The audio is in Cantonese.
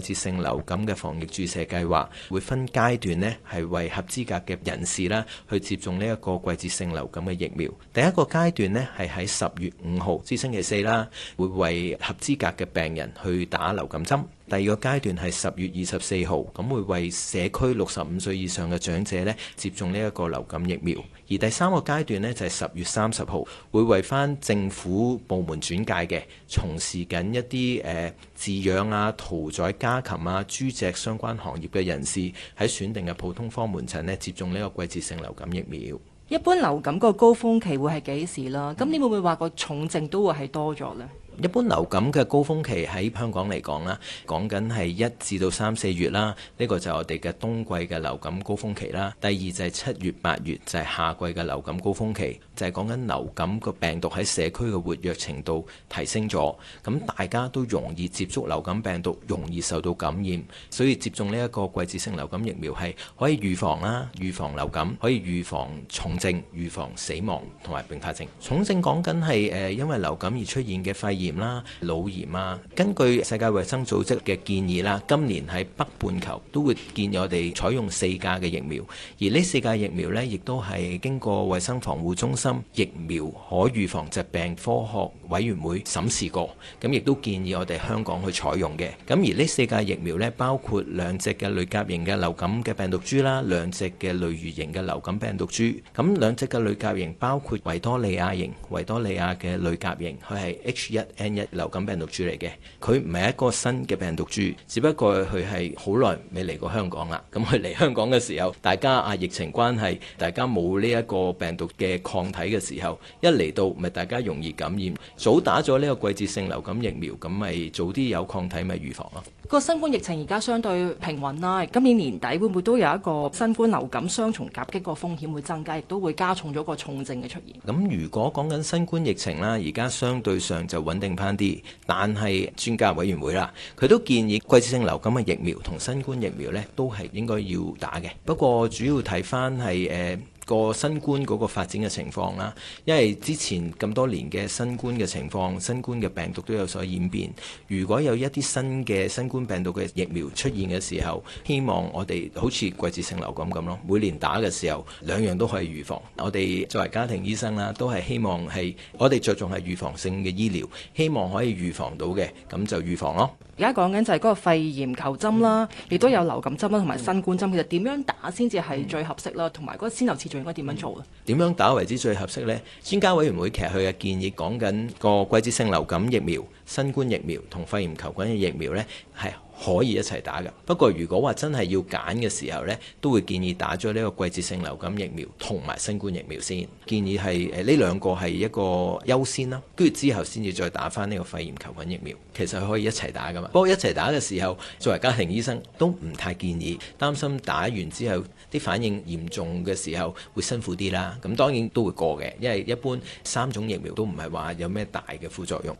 季節性流感嘅防疫注射計劃會分階段咧，係為合資格嘅人士啦，去接種呢一個季節性流感嘅疫苗。第一個階段咧，係喺十月五號，至星期四啦，會為合資格嘅病人去打流感針。第二個階段係十月二十四號，咁會為社區六十五歲以上嘅長者呢，接種呢一個流感疫苗。而第三個階段呢，就係十月三十號，會為翻政府部門轉介嘅從事緊一啲誒飼養啊、屠宰家禽啊、豬隻相關行業嘅人士喺選定嘅普通科門診呢，接種呢個季節性流感疫苗。一般流感個高峰期會係幾時啦？咁你會唔會話個重症都會係多咗呢？一般流感嘅高峰期喺香港嚟講啦，講緊係一至到三四月啦，呢個就我哋嘅冬季嘅流感高峰期啦。第二就係七月八月，就係夏季嘅流感高峰期，就係講緊流感個病毒喺社區嘅活躍程度提升咗，咁大家都容易接觸流感病毒，容易受到感染，所以接種呢一個季節性流感疫苗係可以預防啦，預防流感，可以預防重症、預防死亡同埋併發症。重症講緊係誒因為流感而出現嘅肺炎。炎啦、腦炎啊，根據世界衛生組織嘅建議啦，今年喺北半球都會建議我哋採用四價嘅疫苗，而呢四價疫苗呢，亦都係經過衛生防護中心疫苗可預防疾病科學委員會審視過，咁亦都建議我哋香港去採用嘅。咁而呢四價疫苗呢，包括兩隻嘅類甲型嘅流感嘅病毒株啦，兩隻嘅類乙型嘅流感病毒株，咁兩隻嘅類甲型包括維多利亞型、維多利亞嘅類甲型，佢係 H 一 N1 流感病毒株嚟嘅，佢唔係一個新嘅病毒株，只不過佢係好耐未嚟過香港啦。咁佢嚟香港嘅時候，大家啊疫情關係，大家冇呢一個病毒嘅抗體嘅時候，一嚟到咪大家容易感染。早打咗呢個季節性流感疫苗，咁咪早啲有抗體咪預防咯。個新冠疫情而家相對平穩啦，今年年底會唔會都有一個新冠流感雙重夾擊個風險會增加，亦都會加重咗個重症嘅出現？咁如果講緊新冠疫情啦，而家相對上就穩定。定翻啲，但係專家委員會啦，佢都建議，季節性流感嘅疫苗同新冠疫苗咧，都係應該要打嘅。不過主要睇翻係誒。呃個新冠嗰個發展嘅情況啦，因為之前咁多年嘅新冠嘅情況，新冠嘅病毒都有所演變。如果有一啲新嘅新冠病毒嘅疫苗出現嘅時候，希望我哋好似季節性流感咁咯，每年打嘅時候兩樣都可以預防。我哋作為家庭醫生啦，都係希望係我哋着重係預防性嘅醫療，希望可以預防到嘅，咁就預防咯。而家講緊就係嗰個肺炎球針啦，亦都有流感針啦，同埋新冠針，其實點樣打先至係最合適啦，同埋嗰先後應該點樣做啊？點、嗯、樣打為之最合適呢？專家委員會其實佢嘅建議講緊個季節性流感疫苗、新冠疫苗同肺炎球菌嘅疫苗呢。係。可以一齊打㗎，不過如果話真係要揀嘅時候呢，都會建議打咗呢個季節性流感疫苗同埋新冠疫苗先，建議係誒呢兩個係一個優先啦，跟住之後先至再打返呢個肺炎球菌疫苗。其實可以一齊打㗎嘛，不過一齊打嘅時候，作為家庭醫生都唔太建議，擔心打完之後啲反應嚴重嘅時候會辛苦啲啦。咁當然都會過嘅，因為一般三種疫苗都唔係話有咩大嘅副作用。